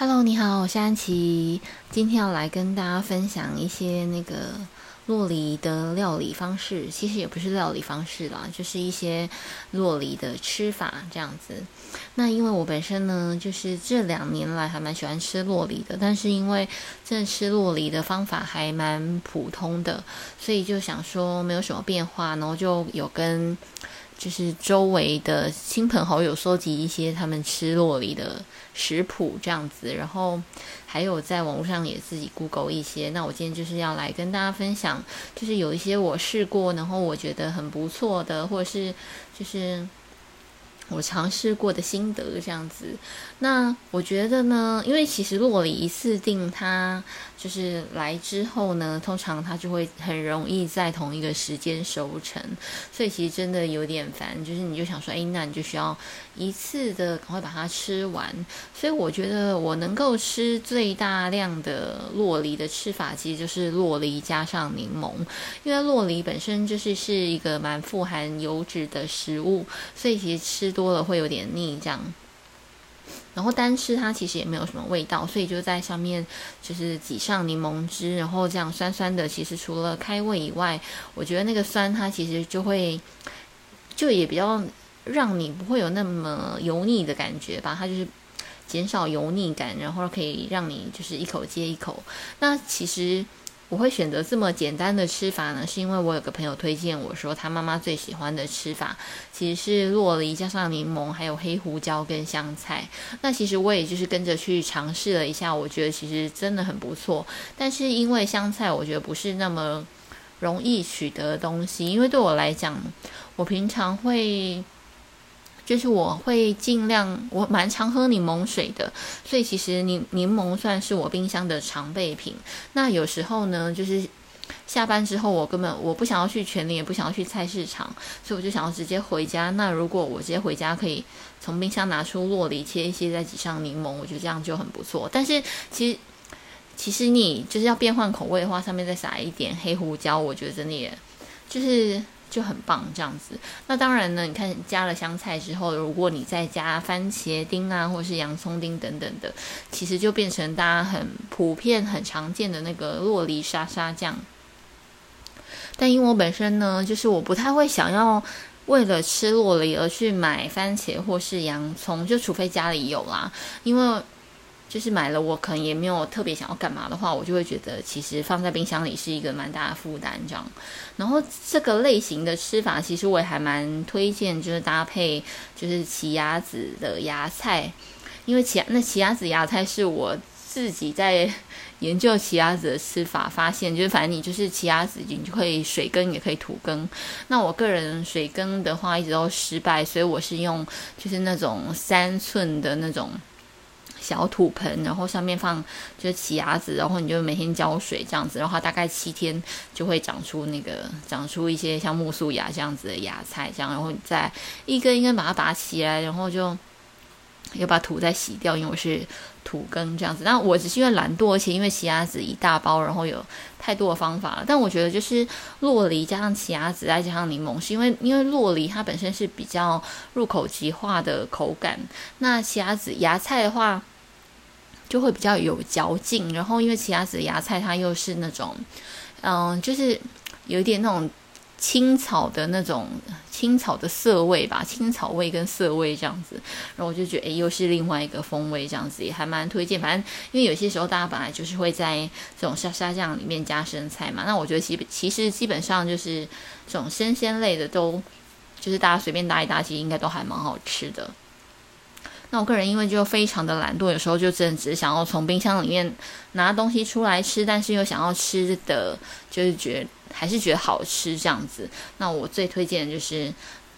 哈嘍，你好，我是安琪。今天要來跟大家分享一些那個酪梨的料理方式，其實也不是料理方式啦，就是一些酪梨的吃法這樣子。那因為我本身呢，就是這兩年來還蠻喜歡吃酪梨的，但是因為這吃酪梨的方法還蠻普通的，所以就想說沒有什麼變化，然後就有跟。就是周圍的親朋好友收集一些他們吃酪梨的食譜這樣子，然後還有在網絡上也自己 Google 一些。那我今天就是要來跟大家分享，就是有一些我試過，然後我覺得很不錯的，或者是就是。我嘗試過的心得這樣子，那我覺得呢，因為其實酪梨一次定它就是來之後呢，通常它就會很容易在同一個時間熟成，所以其實真的有點煩，就是你就想說，哎、欸，那你就需要一次的趕快把它吃完。所以我覺得我能夠吃最大量的酪梨的吃法，其實就是酪梨加上檸檬，因為酪梨本身就是是一個蠻富含油脂的食物，所以其實吃。多了會有點膩，這樣。然後單吃它其實也沒有什麼味道，所以就在上面就是擠上檸檬汁，然後這樣酸酸的。其實除了開胃以外，我覺得那個酸它其實就會，就也比較讓你不會有那麼油膩的感覺吧。它就是減少油膩感，然後可以讓你就是一口接一口。那其實。我會選擇這麼簡單的吃法呢，是因為我有個朋友推薦我說，他媽媽最喜歡的吃法其實是酪梨加上檸檬，還有黑胡椒跟香菜。那其實我也就是跟着去嘗試了一下，我覺得其實真的很不錯。但是因為香菜，我覺得不是那麼容易取得的東西，因為對我來講，我平常會。就是我會盡量，我蠻常喝檸檬水的，所以其實檸檸檬算是我冰箱的常備品。那有時候呢，就是下班之後，我根本我不想要去全聯，也不想要去菜市場，所以我就想要直接回家。那如果我直接回家，可以從冰箱拿出酪梨，切一些再擠上檸檬，我覺得這樣就很不錯。但是其實其實你就是要變換口味的話，上面再撒一點黑胡椒，我覺得真的也就是。就很棒這樣子，那當然呢，你看加了香菜之後，如果你再加番茄丁啊，或是洋蔥丁等等的，其實就變成大家很普遍、很常見的那個酪梨沙沙醬。但因為我本身呢，就是我不太會想要為了吃酪梨而去買番茄或是洋蔥，就除非家裡有啦，因為。就是買了，我可能也沒有特別想要幹嘛的話，我就會覺得其實放在冰箱裡是一個蠻大的負擔這樣。然後這個類型的吃法，其實我也還蠻推薦，就是搭配就是奇亞籽的芽菜，因為奇那奇亞籽芽菜是我自己在研究奇亞籽的吃法，發現就是反正你就是奇亞籽，你就可以水耕也可以土耕。那我個人水耕的話一直都失敗，所以我是用就是那種三寸的那種。小土盆，然後上面放就是奇亞籽，然後你就每天澆水這樣子，然後大概七天就會長出那個長出一些像苜蓿芽這樣子的芽菜，這樣，然後你再一根一根把它拔起來，然後就要把土再洗掉，因為我是土耕這樣子。但我只是因為懶惰，而且因為奇亞籽一大包，然後有太多的方法了。但我覺得就是酪梨加上奇亞籽，再加上檸檬，是因為因為酪梨它本身是比較入口即化的口感，那奇亞籽芽菜的話。就會比較有嚼勁，然後因為奇亞籽芽菜它又是那種，嗯，就是有一點那種青草的那種青草的澀味吧，青草味跟澀味這樣子，然後我就覺得哎，又是另外一個風味這樣子，也還蠻推薦。反正因為有些時候大家本來就是會在這種沙沙醬裡面加生菜嘛，那我覺得其其實基本上就是這種生鮮類的都，就是大家隨便搭一搭，其實應該都還蠻好吃的。那我個人因為就非常的懶惰，有時候就真的只想要從冰箱裡面拿東西出來吃，但是又想要吃的，就是覺得還是覺得好吃這樣子。那我最推薦的就是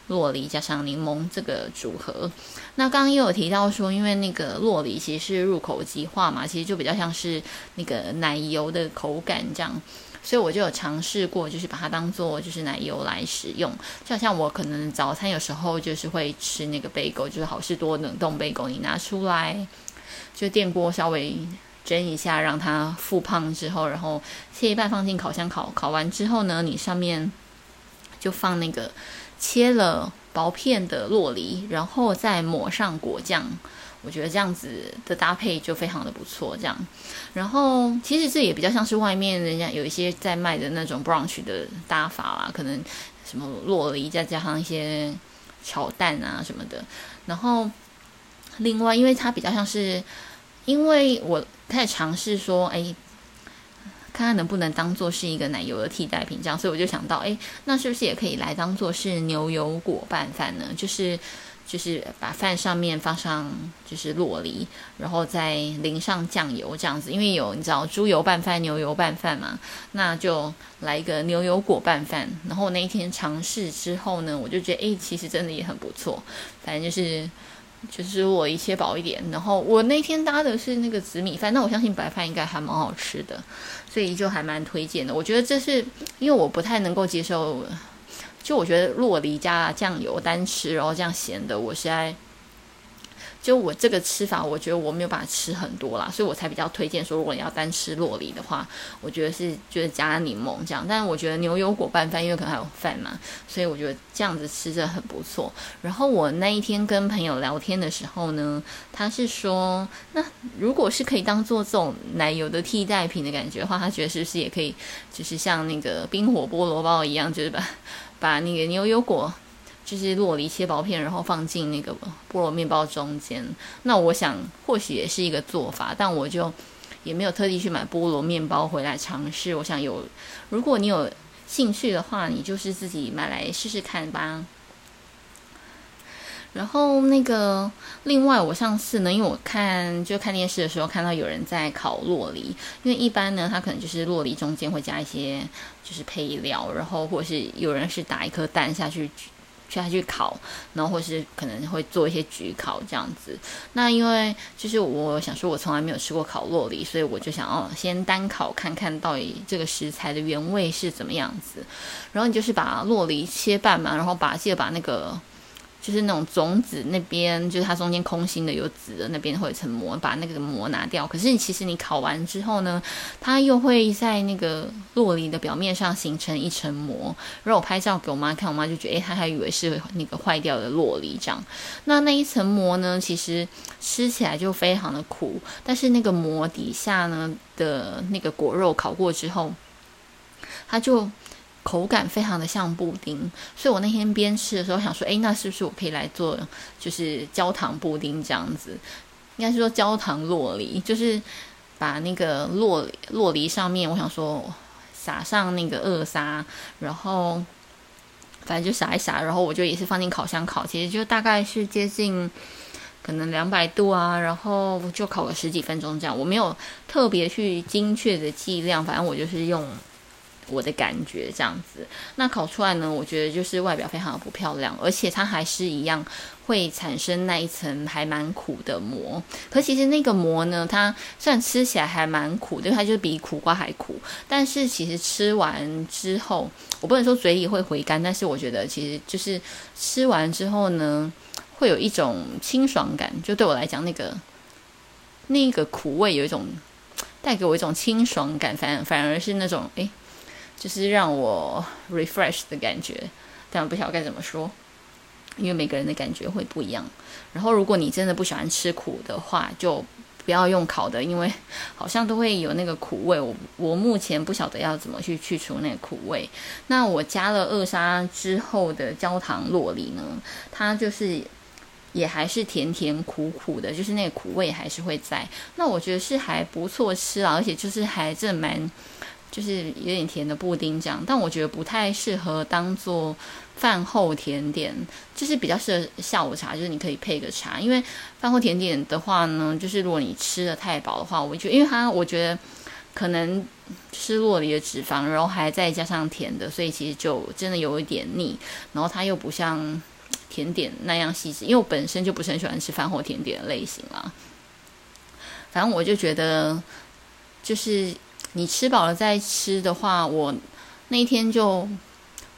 酪梨加上檸檬這個組合。那剛剛也有提到說，因為那個酪梨其實是入口即化嘛，其實就比較像是那個奶油的口感這樣。所以我就有嘗試過，就是把它當做就是奶油來使用，就好像我可能早餐有時候就是會吃那個貝果，就是好事多冷凍貝果，你拿出來，就電鍋稍微蒸一下，讓它復胖之後，然後切一半放進烤箱烤，烤完之後呢，你上面就放那個切了薄片的酪梨，然後再抹上果醬。我覺得這樣子的搭配就非常的不錯，這樣，然後其實這也比較像是外面人家有一些在賣的那種 brunch 的搭法啦，可能什麼酪梨再加上一些炒蛋啊什麼的，然後另外因為它比較像是，因為我開始嘗試說，哎，看看能不能當做是一個奶油的替代品，這樣，所以我就想到，哎，那是不是也可以來當做是牛油果拌飯呢？就是。就是把飯上面放上就是酪梨，然後再淋上醬油這樣子，因為有你知道豬油拌飯、牛油拌飯嘛，那就來一個牛油果拌飯。然後我那一天嘗試之後呢，我就覺得哎、欸，其實真的也很不錯。反正就是就是我一切薄一點。然後我那天搭的是那個紫米飯，那我相信白飯應該還蠻好吃的，所以就還蠻推薦的。我覺得這是因為我不太能夠接受。就我覺得酪梨加醬油單吃，然後這樣鹹的，我是在就我這個吃法，我覺得我沒有把它吃很多啦，所以我才比較推薦說，如果你要單吃酪梨的話，我覺得是就是加檸檬這樣。但我覺得牛油果拌飯，因為可能還有飯嘛，所以我覺得這樣子吃着很不錯。然後我那一天跟朋友聊天的時候呢，他是說，那如果是可以當做這種奶油的替代品的感覺的話，他覺得是不是也可以，就是像那個冰火菠蘿包一樣，就是把。把那個牛油果，就是酪梨切薄片，然後放進那個菠蘿麵包中間。那我想或許也是一個做法，但我就也沒有特地去買菠蘿麵包回來嘗試。我想有，如果你有興趣的話，你就是自己買來試試看吧。然後那個，另外我上次呢，因為我看就看電視的時候看到有人在烤酪梨，因為一般呢，它可能就是酪梨中間會加一些就是配料，然後或者是有人是打一顆蛋下去，下去烤，然後或者是可能會做一些焗烤這樣子。那因為就是我想說，我從來沒有吃過烤酪梨，所以我就想要、哦、先單烤看看到底這個食材的原味是怎麼樣子。然後你就是把酪梨切半嘛，然後把記得把那個。就是那種種子那邊，就是它中間空心的有籽的那邊，會有一層膜，把那個膜拿掉。可是你其實你烤完之後呢，它又會在那個酪梨的表面上形成一層膜。然後我拍照給我媽看，我媽就覺得，誒、欸，她還以為是那個壞掉的酪梨這樣。那那一層膜呢，其實吃起來就非常的苦，但是那個膜底下呢的那個果肉烤過之後，它就。口感非常的像布丁，所以我那天邊吃的時候我想說，誒，那是不是我可以來做就是焦糖布丁這樣子？應該是說焦糖酪梨，就是把那個酪梨，酪梨上面，我想說撒上那個二砂，然後反正就撒一撒，然後我就也是放進烤箱烤，其實就大概是接近可能兩百度啊，然後就烤個十幾分鐘這樣，我沒有特別去精確的計量，反正我就是用。我的感覺這樣子，那烤出來呢？我覺得就是外表非常的不漂亮，而且它還是一樣會產生那一層還蠻苦的膜。可其實那個膜呢，它雖然吃起來還蠻苦的，對，它就比苦瓜還苦。但是其實吃完之後，我不能說嘴裡會回甘，但是我覺得其實就是吃完之後呢，會有一種清爽感。就對我來講，那個，那個那個苦味有一種帶給我一種清爽感，反反而是那種哎。欸就是讓我 refresh 的感覺，但我不曉得該怎麼說，因為每個人的感覺會不一樣。然後，如果你真的不喜歡吃苦的話，就不要用烤的，因為好像都會有那個苦味。我我目前不曉得要怎麼去去除那個苦味。那我加了二砂之後的焦糖酪梨呢，它就是也還是甜甜苦苦的，就是那個苦味還是會在。那我覺得是還不錯吃啊，而且就是還真的蠻。就是有點甜的布丁這樣，但我覺得不太適合當做飯後甜點，就是比較適合下午茶，就是你可以配個茶。因為飯後甜點的話呢，就是如果你吃的太飽的話，我就因為它我覺得可能是酪梨的脂肪，然後還再加上甜的，所以其實就真的有一點膩。然後它又不像甜點那樣細緻，因為我本身就不是很喜歡吃飯後甜點的類型啦。反正我就覺得就是。你吃飽了再吃的話，我那天就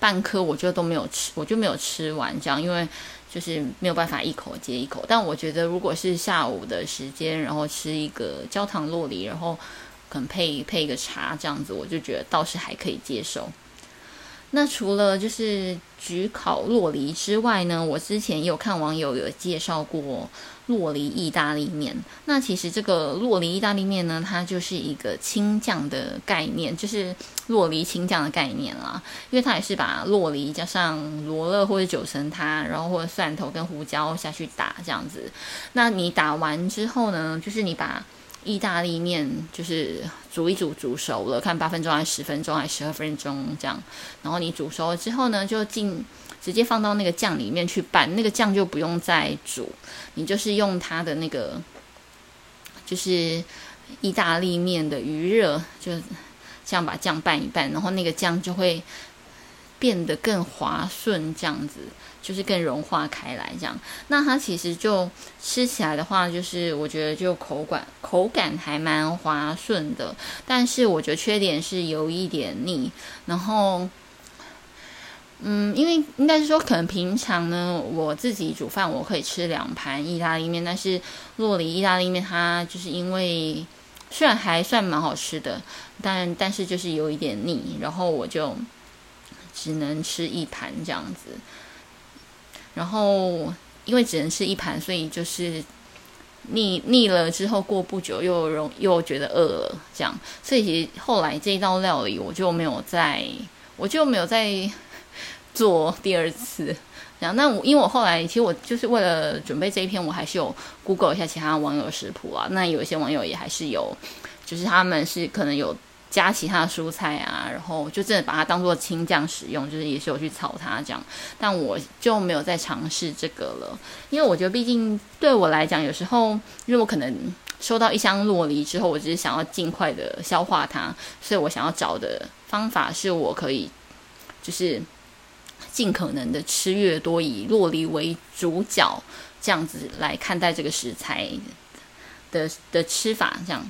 半顆，我就都沒有吃，我就沒有吃完這樣，因為就是沒有辦法一口接一口。但我覺得如果是下午的時間，然後吃一個焦糖酪梨，然後可能配配一個茶這樣子，我就覺得倒是還可以接受。那除了就是焗烤酪梨之外呢，我之前也有看網友有介紹過酪梨意大利麵。那其實這個酪梨意大利麵呢，它就是一個青醬的概念，就是酪梨青醬的概念啦，因為它也是把酪梨加上羅勒或者九層塔，然後或者蒜頭跟胡椒下去打這樣子。那你打完之後呢，就是你把意大利麵就是。煮一煮，煮熟了，看八分鐘還是十分鐘還是十二分鐘這樣，然後你煮熟了之後呢，就進直接放到那個醬裡面去拌，那個醬就不用再煮，你就是用它的那個就是意大利麵的餘熱，就這樣把醬拌一拌，然後那個醬就會變得更滑順這樣子。就是更融化開來，這樣，那它其實就吃起來的話，就是我覺得就口感口感還蠻滑順的，但是我覺得缺點是有一點膩。然後，嗯，因為應該是說，可能平常呢，我自己煮飯我可以吃兩盤意大利麵，但是酪梨意大利麵它就是因為雖然還算蠻好吃的，但但是就是有一點膩，然後我就只能吃一盤這樣子。然後，因為只能吃一盤，所以就是膩膩了之後，過不久又容又覺得餓了，這樣。所以其實後來這一道料理，我就沒有再，我就沒有再做第二次。然後那我，因為我後來其實我就是為了準備這一篇，我還是有 Google 一下其他網友食譜啊。那有一些網友也還是有，就是他們是可能有。加其他的蔬菜啊，然後就真的把它當做青醬使用，就是也是有去炒它這樣。但我就沒有再嘗試這個了，因為我覺得畢竟對我來講，有時候因為我可能收到一箱酪梨之後，我只是想要盡快的消化它，所以我想要找的方法是我可以就是盡可能的吃越多，以酪梨為主角，這樣子來看待這個食材的的吃法這樣。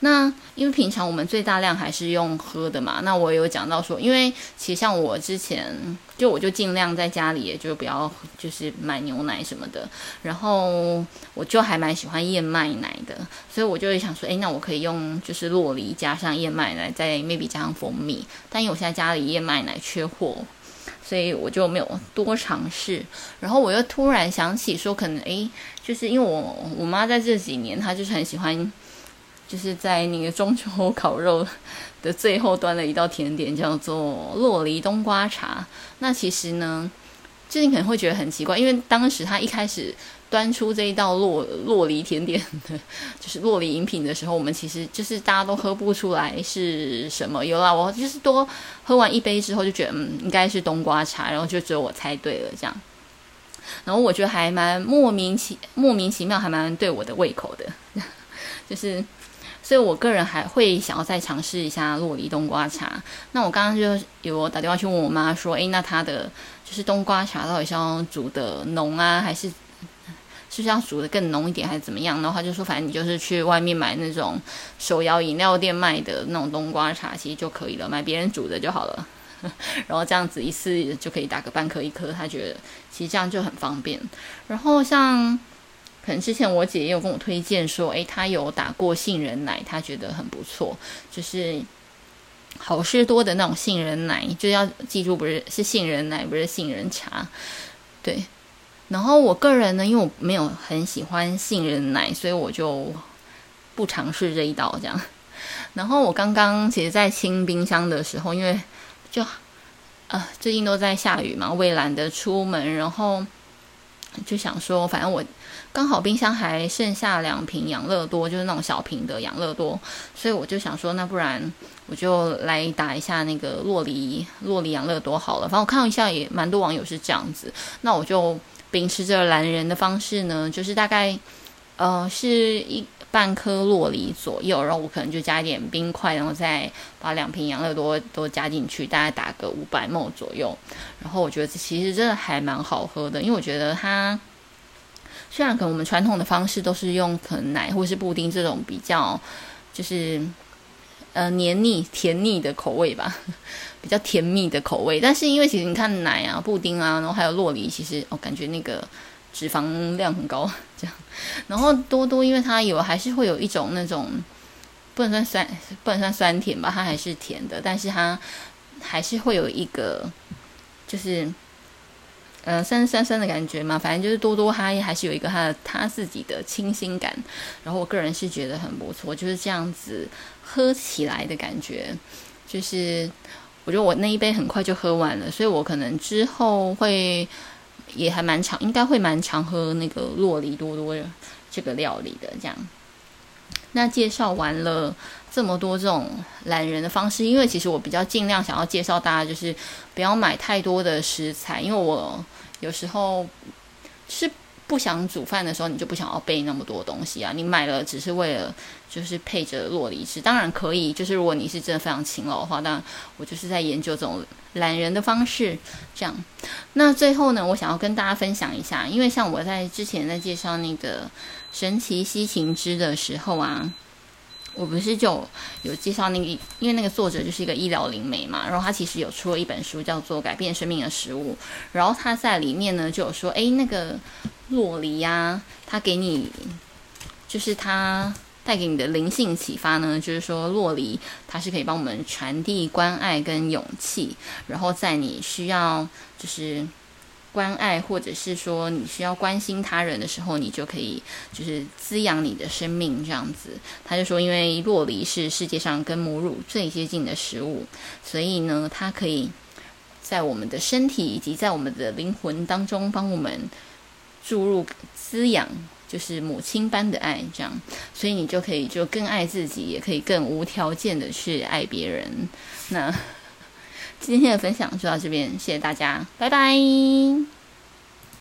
那因為平常我們最大量還是用喝的嘛，那我也有講到說，因為其實像我之前就我就儘量在家裡，也就不要就是買牛奶什麼的，然後我就還蠻喜歡燕麥奶的，所以我就會想說，哎，那我可以用就是酪梨加上燕麥奶，再 maybe 加上蜂蜜，但因為我現在家裡燕麥奶缺貨，所以我就沒有多嘗試。然後我又突然想起說，可能哎，就是因為我我媽在這幾年，她就是很喜歡。就是在那個中秋烤肉的最後端了一道甜點叫做酪梨冬瓜茶。那其實呢，就你可能會覺得很奇怪，因為當時他一開始端出這一道酪酪梨甜點的，就是酪梨飲品的時候，我們其實就是大家都喝不出來是什麼。有啦，我就是多喝完一杯之後就覺得，嗯，應該是冬瓜茶。然後就只有我猜對了，這樣。然後我覺得還蠻莫名其莫名其妙，還蠻對我的胃口的，就是。所以，我個人還會想要再嘗試一下酪梨冬瓜茶。那我剛剛就有打電話去問我媽說，哎、欸，那它的就是冬瓜茶到底是要煮得濃啊，還是是不是要煮得更濃一點，還是怎麼樣？然後她就說，反正你就是去外面買那種手搖飲料店賣的那種冬瓜茶，其實就可以了，買別人煮的就好了。 然後這樣子一次就可以打個半顆一顆，她覺得其實這樣就很方便。然後像。可能之前我姐也有跟我推薦說，誒、欸，她有打過杏仁奶，她覺得很不錯，就是好事多的那種杏仁奶，就要記住不是是杏仁奶，不是杏仁茶，對。然後我個人呢，因為我沒有很喜歡杏仁奶，所以我就不嘗試這一道這樣。然後我剛剛其實，在清冰箱的時候，因為就啊、呃、最近都在下雨嘛，我也懶得出門，然後就想說，反正我。剛好冰箱還剩下兩瓶養樂多，就是那種小瓶的養樂多，所以我就想說，那不然我就來打一下那個酪梨酪梨養樂多好了。反正我看了一下，也蠻多網友是這樣子，那我就秉持着懶人的方式呢，就是大概呃是一半顆酪梨左右，然後我可能就加一點冰塊，然後再把兩瓶養樂多都加進去，大概打個五百 ml 左右。然後我覺得其實真的還蠻好喝的，因為我覺得它。雖然可能我們傳統的方式都是用可能奶或是布丁這種比較就是呃黏膩甜膩的口味吧，呵呵，比較甜蜜的口味，但是因為其實你看奶啊、布丁啊，然後還有酪梨，其實哦感覺那個脂肪量很高這樣。然後多多因為它有還是會有一種那種不能算酸，不能算酸甜吧，它還是甜的，但是它還是會有一個就是。嗯、呃，酸酸酸的感覺嘛，反正就是多多哈，還是有一個他他自己的清新感。然後我個人是覺得很不錯，就是這樣子喝起來的感覺。就是我覺得我那一杯很快就喝完了，所以我可能之後會也還蠻常，應該會蠻常喝那個酪梨多多的這個料理的。這樣。那介紹完了這麼多這種懶人的方式，因為其實我比較盡量想要介紹大家，就是不要買太多的食材，因為我。有時候是不想煮飯的時候，你就不想要備那麼多東西啊。你買了只是為了就是配着酪梨汁，當然可以。就是如果你是真的非常勤勞的話，當然我就是在研究這種懶人的方式。這樣，那最後呢，我想要跟大家分享一下，因為像我在之前在介紹那個神奇西芹汁的時候啊。我不是就有介紹那個，因為那個作者就是一個醫療靈媒嘛，然後他其實有出了一本書，叫做《改變生命的食物》，然後他在裡面呢就有說，哎，那個酪梨呀，啊，他給你，就是他帶給你的靈性啟發呢，就是說酪梨他是可以幫我們傳遞關愛跟勇氣，然後在你需要就是。關愛，或者是說你需要關心他人的時候，你就可以就是滋養你的生命這樣子。他就說，因為酪梨是世界上跟母乳最接近的食物，所以呢，它可以在我們的身體以及在我們的靈魂當中幫我們注入滋養，就是母親般的愛這樣。所以你就可以就更愛自己，也可以更無條件的去愛別人。那。今天的分享就到這邊，謝謝大家，拜拜。